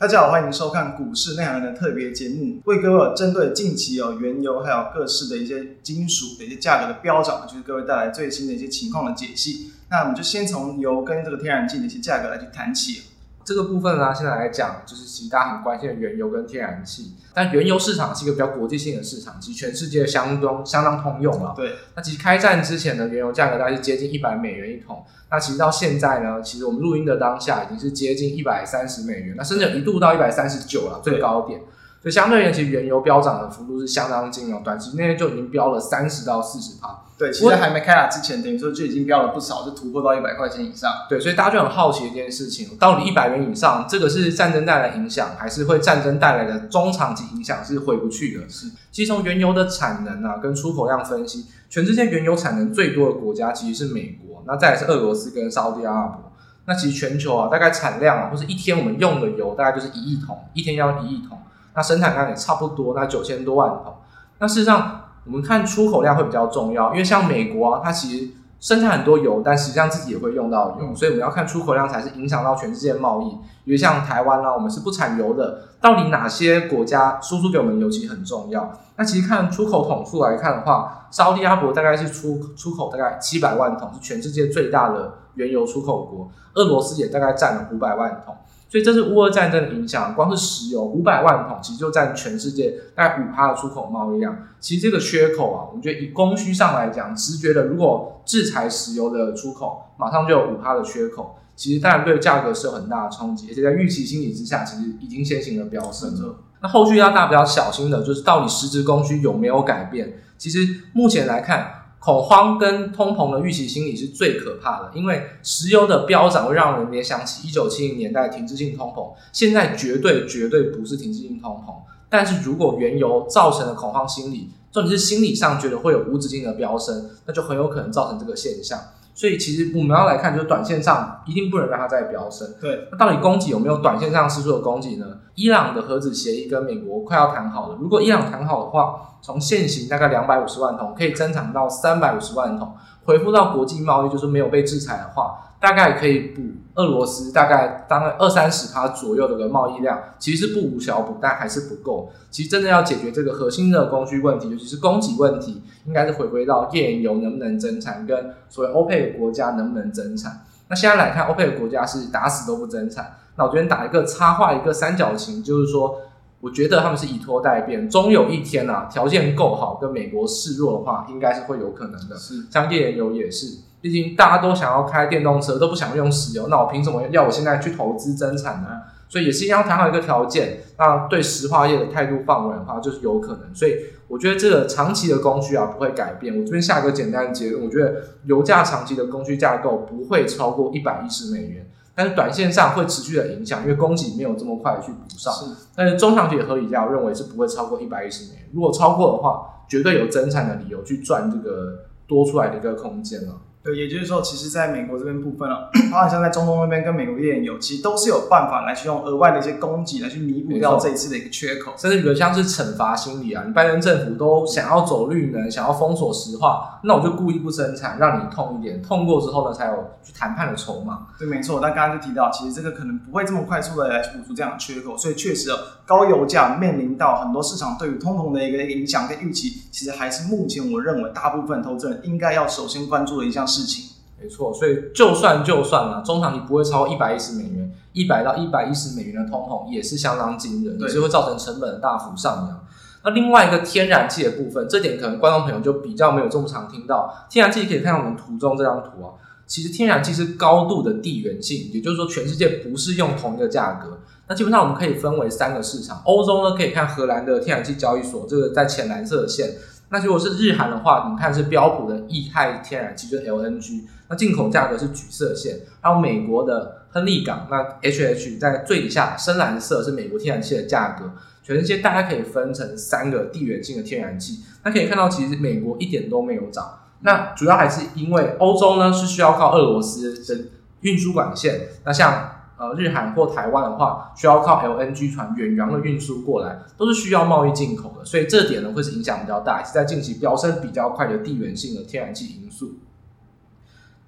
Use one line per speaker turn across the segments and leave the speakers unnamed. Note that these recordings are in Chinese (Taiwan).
大家好，歡迎收看股市內行人的特別節目，為各位針對近期哦原油還有各式的一些金屬的一些價格的飆漲，就是各位帶來最新的一些情況的解析。那我們就先從油跟這個天然氣的一些
價格來去談起。這個部分呢，現在來講，就是其實大家很關心的原油跟天然氣。但原油市場是一個比較國際性的市場，其實全世界相當相當通用了。對，那其實開戰之前的原油價格大概是接近一百美元一桶。那其實到現在呢，其實我們錄音的當下已經是接近一百三十美元，那甚至有一度到一百三十九了最高點。所以，相對而言，其實原油飆漲的幅度是相當驚人，短期內就已經飆了三十到四十趴。對，其實還沒開打之前，等於說就已經飆了不少，就突破到一百塊錢以上。對，所以大家就很好奇一件事情：到底一百元以上，這個是戰爭帶來的影響，還是會戰爭帶來的中長期影響是回不去的？是。其實從原油的產能啊，跟出口量分析，全世界原油產能最多的國家其實是美國，那再來是俄羅斯跟沙烏地阿拉伯。那其實全球啊，大概產量啊，或是一天我們用的油大概就是一億桶，一天要一億桶，那生產量也差不多，那九千多萬桶。那事實上。我們看出口量會比較重要，因為像美國啊，它其實生產很多油，但實際上自己也會用到油，嗯，所以我們要看出口量才是影響到全世界貿易。因為像台灣啦、啊，我們是不產油的，到底哪些國家輸出給我們油，其實很重要。那其實看出口桶數來看的話，沙烏地阿拉伯大概是出出口大概七百萬桶，是全世界最大的原油出口國。俄羅斯也大概佔了五百萬桶，所以這是烏俄戰爭的影響。光是石油五百萬桶，其實就佔全世界大概五趴的出口貿易量。其實這個缺口啊，我覺得以供需上來講，直覺的，如果制裁石油的出口，馬上就有五趴的缺口。其實當然對價格是有很大的衝擊，而且在預期心理之下，其實已經先行的飆升了。嗯那後續要大家比較小心的就是到底實質供需有沒有改變。其實目前來看，恐慌跟通膨的預期心理是最可怕的，因為石油的飆漲會讓人聯想起一九七零年代的停滯性通膨，現在絕對絕對不是停滯性通膨。但是如果原油造成了恐慌心理，重點是心理上覺得會有無止境的飆升，那就很有可能造成這個現象。所以其實我們要來看，就是短線上一定不能讓它再飆升。對，那到底供給有沒有短線上失速的供給呢？伊朗的核子協議跟美國快要談好了。如果伊朗談好的話，從現行大概兩百五十萬桶可以增長到三百五十萬桶，恢復到國際貿易就是沒有被制裁的話。大概可以補俄羅斯大概大概二三十趴左右的個貿易量，其實是不無小補，但還是不夠。其實真正要解決這個核心的供需問題，尤其是供給問題，應該是回歸到頁岩油能不能增產，跟所謂歐佩克國家能不能增產。那現在來看，歐佩克國家是打死都不增產。那我昨天打一個插畫，一個三角形，就是說，我覺得他們是以拖待變，終有一天啊，條件夠好，跟美國示弱的話，應該是會有可能的。是，像頁岩油也是。畢竟大家都想要開電動車，都不想用石油，那我憑什麼要我現在去投資增產呢、啊？所以也是一樣，談好一個條件，那對石化業的態度放軟的話，就是有可能。所以我覺得這個長期的供需啊，不會改變。我這邊下一個簡單的結論，我覺得油價長期的供需架構不會超過一百一十美元，但是短線上會持續的影響，因為供給沒有這麼快去補上。但是中長期的合理價我認為是不會超過一百一十美元。如果超過的話，絕對有增產的理由去賺這個多出來的一個空間了、啊。
也就是說，其實在美國這邊部分啊，它好 像在中東那邊跟美
國也有，有，其實都是有辦法來去用額外的一些供給來去彌補掉這一次的一個缺口，甚至比如像是懲罰心理啊，你拜登政府都想要走綠能，想要封鎖石化，那我就故意不生產，讓你痛一點，痛過之後呢，才有去談判的籌碼。對，沒錯。但剛剛
就提到，其實這個可能不會這麼快速的來去補出這樣的缺口，所以確實、啊、高油價面臨到很多市場對於通膨的一個影響跟預期，其實還是目前我認為大部分投資人
應該要首先關注的一項事。事情沒錯，所以就算就算了，中長期不會超過一百一十美元，一百到一百一十美元的通膨也是相當驚人，也是會造成成本的大幅上揚。那另外一個天然氣的部分，這點可能觀眾朋友就比較沒有這麼常聽到。天然氣可以看到我們圖中這張圖啊，其實天然氣是高度的地緣性，也就是說全世界不是用同一個價格。那基本上我們可以分為三個市場，歐洲呢可以看荷蘭的天然氣交易所，這個在淺藍色的線。那如果是日韓的話，你看是標普的液態天然氣，就是 LNG，那進口價格是橘色線，還有美國的亨利港，那 HH 在最底下，深藍色是美國天然氣的價格。全世界大概可以分成三個地緣性的天然氣，那可以看到其實美國一點都沒有漲，那主要還是因為歐洲呢是需要靠俄羅斯的運輸管線，那像。呃，日韓或台灣的話，需要靠 LNG 船遠洋的運輸過來，都是需要貿易進口的，所以這點呢，會是影響比較大，也是在近期飆升比較快的地緣性的天然氣因素。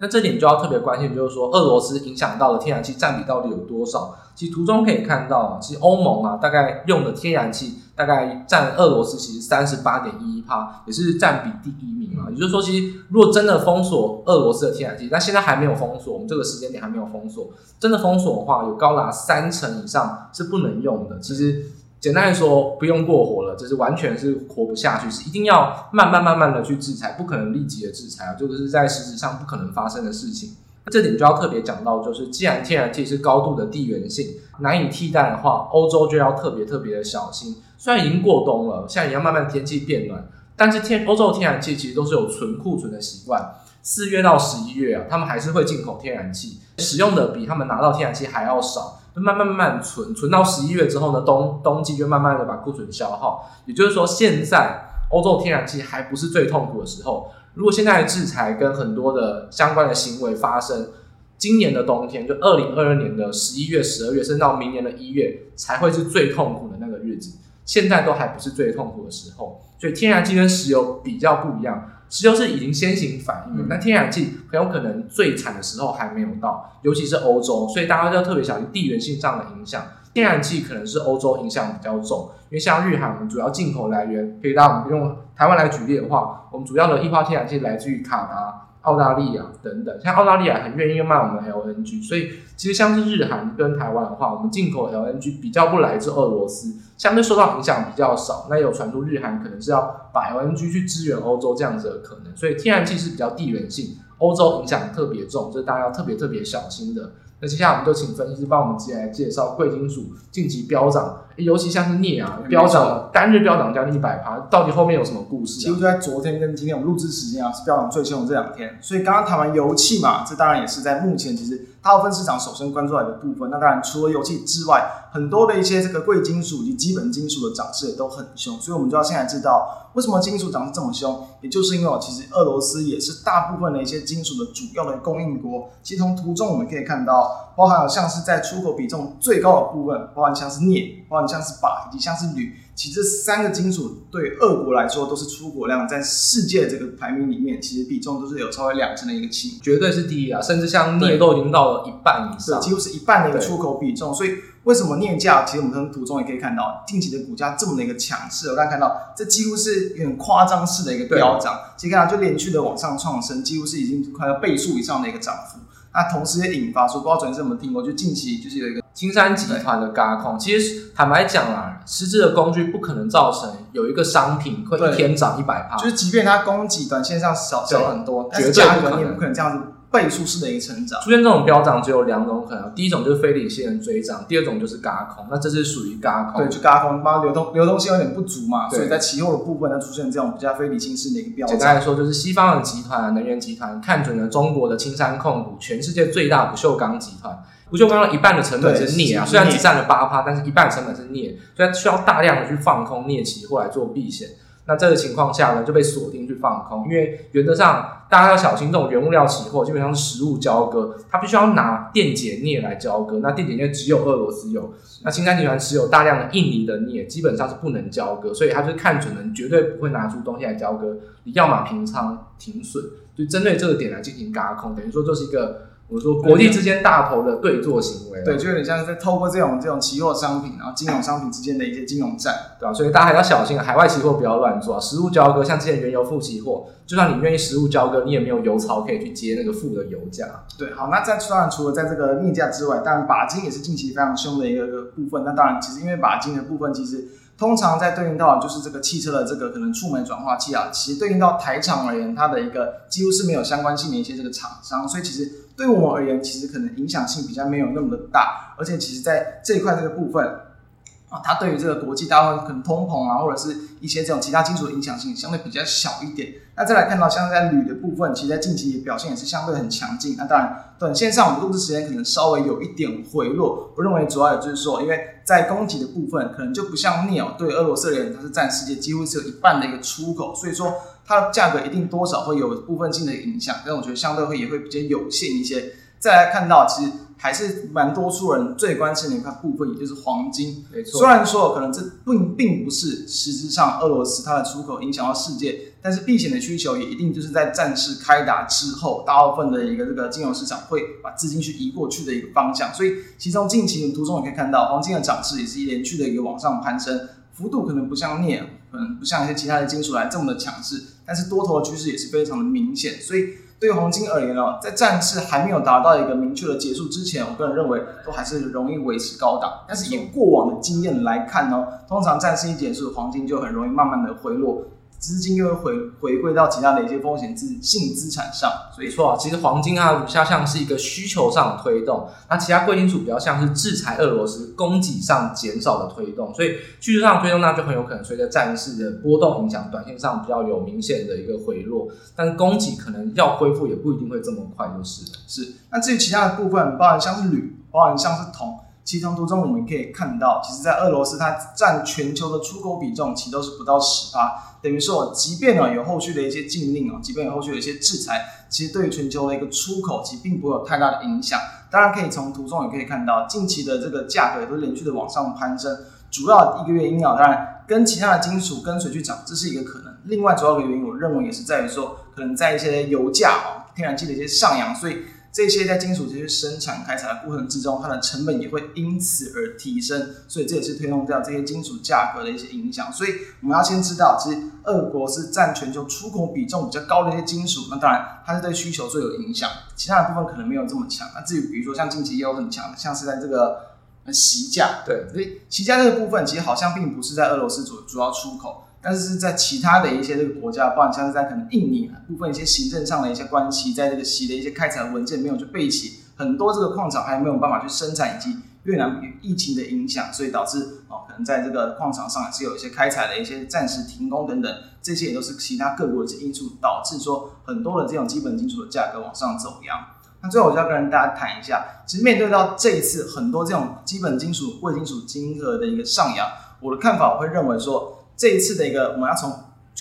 那這點就要特別關心，就是說俄羅斯影響到的天然氣佔比到底有多少？其實圖中可以看到，其實歐盟啊，大概用的天然氣大概佔俄羅斯其實三十八點一一趴，也是佔比第一名啊。也就是說，其實如果真的封鎖俄羅斯的天然氣，但現在還沒有封鎖，我們這個時間點還沒有封鎖，真的封鎖的話，有高達三成以上是不能用的。其實。簡單來說，不用過火了，這、就是完全是活不下去，是一定要慢慢慢慢的去制裁，不可能立即的制裁啊，這、就、個是在事實上不可能發生的事情。這點就要特別講到，就是既然天然氣是高度的地緣性、難以替代的話，歐洲就要特別特別的小心。雖然已經過冬了，現在也要慢慢天氣變暖，但是天歐洲天然氣其實都是有存庫存的習慣，四月到十一月啊，他們還是會進口天然氣，使用的比他們拿到天然氣還要少。慢，慢慢慢存，存到十一月之後呢，冬冬季就慢慢的把庫存消耗。也就是說，現在歐洲天然氣還不是最痛苦的時候。如果現在制裁跟很多的相關的行為發生，今年的冬天就二零二二年的十一月、十二月，甚至到明年的一月才會是最痛苦的那個日子。現在都還不是最痛苦的時候，所以天然氣跟石油比較不一樣。其實就是已經先行反應了，那天然氣很有可能最慘的時候還沒有到，尤其是歐洲，所以大家要特別小心地緣性上的影響。天然氣可能是歐洲影響比較重，因為像日韓，我們主要進口來源，可以讓我們用台灣來舉例的話，我們主要的液化天然氣來自於卡達，澳大利亞等等，像澳大利亞很願意賣我們 L N G，所以其實像是日韓跟台灣的話，我們進口 L N G 比較不來自俄羅斯，相對受到影響比較少。那有傳出日韓可能是要把 L N G 去支援歐洲這樣子的可能，所以天然氣是比較地緣性，歐洲影響特別重，這是大家要特別特別小心的。那接下來我們就請分析師幫我們直接來介紹貴金屬近期飆漲。欸、尤其像是鎳啊，飆、嗯、漲，單日飆漲將近一百趴，到底後面有什麼故事、啊？其實就在昨天跟今天，我們錄制時間啊是飆漲
最兇的這兩天。所以剛剛談完油氣嘛，這當然也是在目前其實大部分市場首先關注來的部分。那當然除了油氣之外，很多的一些這個貴金屬以及基本金屬的漲勢也都很兇。所以我們就要現在知道為什麼金屬漲得這麼兇，也就是因為哦，其實俄羅斯也是大部分的一些金屬的主要的供應國。其實從圖中我們可以看到。包含像是在出口比重最高的部分，包含像是鎳，包含像是鈀以及像是鋁，其實這三個金屬對俄國來說都是出口量在世界這個排名裡面，其實比重都是有超過兩成的一個輕，
絕對是第一啊！甚至像鎳都已經到了一半以上，幾乎是
一半的一個出口比重。所以為什麼鎳價？其實我們從圖中也可以看到，近期的股價這麼的一個強勢，大家看到這幾乎是很誇張式的一個飆漲，其實看來就連續的往上創升，幾乎是已經快要倍數以上的一個漲幅。那、啊、同時也引發說，不知道你怎麼聽，我就
近期就是有一個青山集團的軋空。其實坦白講啊，實質的工具不可能造成有一個商品會一天漲一百趴。就是即便它供給短線
上少少很多，但價格你也不可能這樣子。倍數式的一個成
長？出現這種飆漲只有兩種可能，第一種就是非理性的追漲，第二種就是嘎空。那這是屬於嘎空。對，就嘎空，因流動流動性有點不足嘛，所以在期貨的
部分它出現這種比較非
理性式的一個飆漲。簡單來說，就是西方的集團、能源集團看準了中國的青山控股，全世界最大不鏽鋼集團，不鏽鋼一半的成本是鎳啊，雖然只佔了八趴，但是一半的成本是鎳，所以需要大量的去放空鎳期貨來做避險。那這個情況下呢，就被鎖定去放空，因為原則上大家要小心這種原物料期貨，基本上是實物交割，它必須要拿電解鎳來交割。那電解鎳只有俄羅斯有，那青山集團持有大量的印尼的鎳，基本上是不能交割，所以他就是看準了，你絕對不會拿出東西來交割。你要麼平倉停損，就針對這個點來進行軋空，等於說這是一個。我說，國際之間大頭的對作行為、嗯，對，就有
點像是在透過這種這種期貨商品，然後金融商品之間的一些金融戰，對吧、啊？所以大
家還要小心海外期貨不要亂做、啊，實物交割，像之前原油負期貨，就算你願意實物交割，你也沒有油槽可以去接那個負的油價。對，好，那在當然除了在這個逆價之
外，當然鈀金也是近期非常凶的一個，一個部分。那當然，其實因為鈀金的部分，其實通常在對應到就是這個汽車的這個可能觸媒轉化器啊，其實對應到台廠而言，它的一個幾乎是沒有相關性的一些這個廠商，所以其實。對我們而言，其實可能影響性比較沒有那麼的大，而且其實，在這一塊這個部分。啊，它對於這個國際大會可能通膨啊，或者是一些這種其他金屬的影響性相對比較小一點。那再來看到像在鋁的部分，其實在近期也表現也是相對很強勁。那當然，短線上我們錄製時間可能稍微有一點回落。我認為主要也就是說，因為在供給的部分，可能就不像鎳對俄羅斯人它是佔世界幾乎是有一半的一個出口，所以說它的價格一定多少會有部分性的影響。但我覺得相對會也會比較有限一些。再來看到其實。還是蠻多數人最關心的一塊部分，也就是黃金。沒錯。雖然說可能這並並不是實質上俄羅斯它的出口影響到世界，但是避險的需求也一定就是在戰事開打之後，大部分的一個這個金融市場會把資金去移過去的一個方向。所以，其中近期的圖中也可以看到，黃金的漲勢也是一連續的一個往上攀升，幅度可能不像鎳，可能不像一些其他的金屬來這麼的強勢，但是多頭的趨勢也是非常的明顯。所以。對於黃金而言呢，在戰事還沒有達到一個明確的結束之前，我個人認為都還是容易維持高檔。但是以過往的經驗來看呢，通常戰事一結束，
黃金就很容易慢慢的回落。資金又會回回歸到其他的一些風險資性資產上，所以說啊，其實黃金啊，如下像是一個需求上的推動，那其他貴金屬比較像是制裁俄羅斯供給上減少的推動，所以需求上推動，那就很有可能隨着戰事的波動影響，短線上比較有明顯的一個回落，但是供給可能要恢復也不一定會這麼快，就是了是。那至於其他的部分，包含像是鋁，包
含像是銅。其中圖中我們可以看到，其實，在俄羅斯它占全球的出口比重，其實都是不到十八，等於說，即便呢有後續的一些禁令啊，即便有後續的一些制裁，其實對於全球的一個出口，其實並沒有太大的影響。當然，可以從圖中也可以看到，近期的這個價格也都連續的往上攀升，主要一個原因啊，當然跟其他的金屬跟隨去漲，這是一個可能。另外，主要的原因，我認為也是在於說，可能在一些油價哦，天然氣的一些上揚，所以。這些在金屬這些生產開採的過程之中，它的成本也會因此而提升，所以這也是推動掉這些金屬價格的一些影響。所以我們要先知道，其實俄國是占全球出口比重比較高的一些金屬，那當然它是對需求最有影響，其他的部分可能沒有這麼強。那至於比如說像近期也有很強的，像是在這個呃，錫價，對，所以錫價這個部分其實好像並不是在俄羅斯主主要出口。但是在其他的一些這個國家，包括像是在可能印尼部分一些行政上的一些關係，在這個席的一些開採文件沒有去備齊，很多這個礦場還沒有辦法去生產，以及越南疫情的影響，所以導致哦，可能在這個礦場上也是有一些開採的一些暫時停工等等，這些也都是其他各國的一些因素導致說很多的這種基本金屬的價格往上走揚。那最後我就要跟大家談一下，其實面對到這一次很多這種基本金屬、貴金屬、金額的一個上揚，我的看法，我會認為說。這一次的一個，我們要從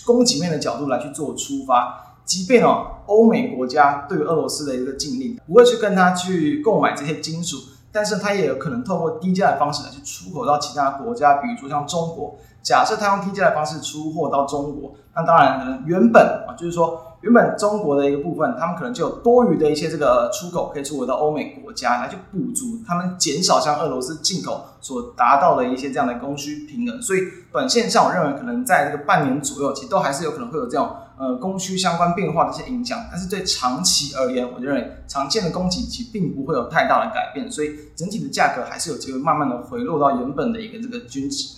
供給面的角度來去做出發，即便哦，歐美國家對俄羅斯的一個禁令，不會去跟他去購買這些金屬。但是它也有可能透過低價的方式來去出口到其他國家，比如說像中國。假設它用低價的方式出貨到中國，那當然可能原本啊，就是說原本中國的一個部分，他們可能就有多餘的一些這個出口可以出口到歐美國家，來去補足他們減少像俄羅斯進口所達到的一些這樣的供需平衡。所以短線上，我認為可能在這個半年左右，其實都還是有可能會有這種。呃，供需相關變化的一些影響，但是對長期而言，我認為常見的供給其實並不會有太大的改變，所以整
體的價格還是有機會慢慢的回落到原本的一個這個均值。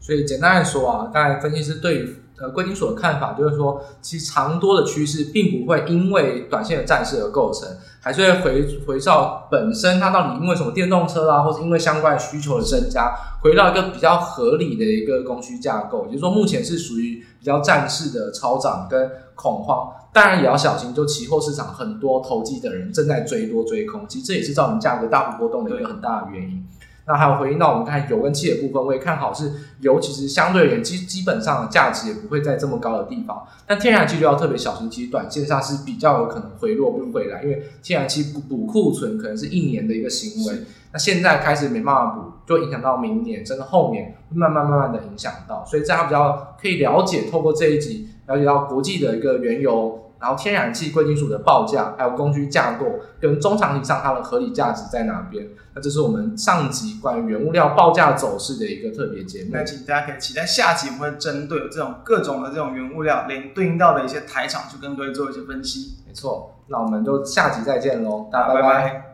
所以簡單來說啊，剛才分析師對於呃貴金屬的看法就是說，其實長多的趨勢並不會因為短線的戰事而構成。還是會回回到本身，它到底因為什麼電動車啊，或者因為相關需求的增加，回到一個比較合理的一個供需架構。也就是說，目前是屬於比較戰事的超漲跟恐慌，當然也要小心，就期貨市場很多投機的人正在追多追空，其實這也是造成價格大幅波動的一個很大的原因。那還有回應到我們看油跟氣的部分，我也看好是油，其實相對而言基基本上價值也不會在這麼高的地方，但天然氣就要特別小心，其實短線上是比較有可能回落不回來，因為天然氣補補庫存可能是一年的一個行為，那現在開始沒辦法補，就影響到明年甚至後年慢慢慢慢的影響到，所以大家比較可以了解，透過這一集了解到國際的一個原油。然後天然氣、貴金屬的報價，還有供需架構跟中長期上它的合理價值在哪邊？那這是我們上集關於原物料報價走勢的一個特別節目。那請大家可以期待下集，我
們會針對這種各種的這種原物料，連對應到的一些台廠去跟各位做一些分析。沒錯，
那我們就下集再
見嘍，大家拜拜。